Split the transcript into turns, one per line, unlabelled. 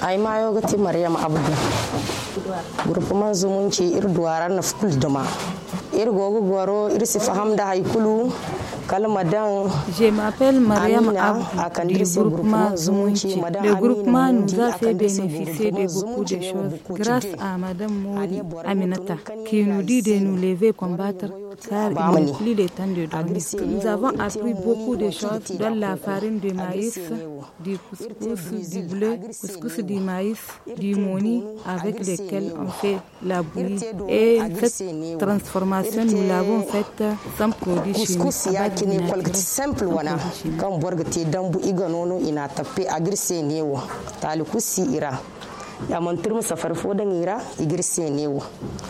ai ma yogati maryam abdu man zumunci ir
duwaran na fukul duma
ir gogo goro ir si faham da haikulu kalma
dan je m'appelle maryam abdu du man zumunci madan le groupement nous a fait bénéficier de beaucoup de choses grâce à madame Mouri Aminata qui nous dit de nous lever combattre car bah, il est de temps de Nous avons appris beaucoup de choses dans la farine de maïs, du couscous, du bleu, couscous du maïs, du moni avec lesquels on fait la bouillie. Et cette transformation, nous l'avons faite sans produits chimiques.
yamantur mu safar fodan ira igirse ne wa